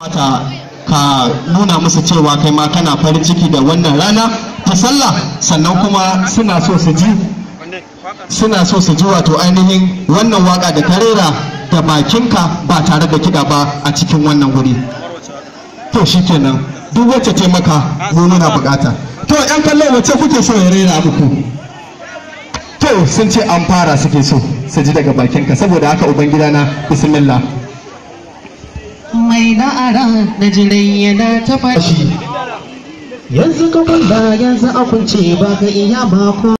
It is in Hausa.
mata ka nuna musu cewa kai ma kana farin ciki da wannan rana ta sallah sannan kuma suna so su ji suna so su ji wato ainihin wannan waka da karera da bakinka ba tare da kiɗa ba a cikin wannan wuri to shikenan duk wacce taimaka mu muna bukata to yan kallo wacce kuke so ya rera muku to sun ce an fara suke so su ji daga bakinka saboda haka na, bismillah mai la'ara na jirai na ta fashi yanzu ka kwanda yanzu a kunce ba ka iya mako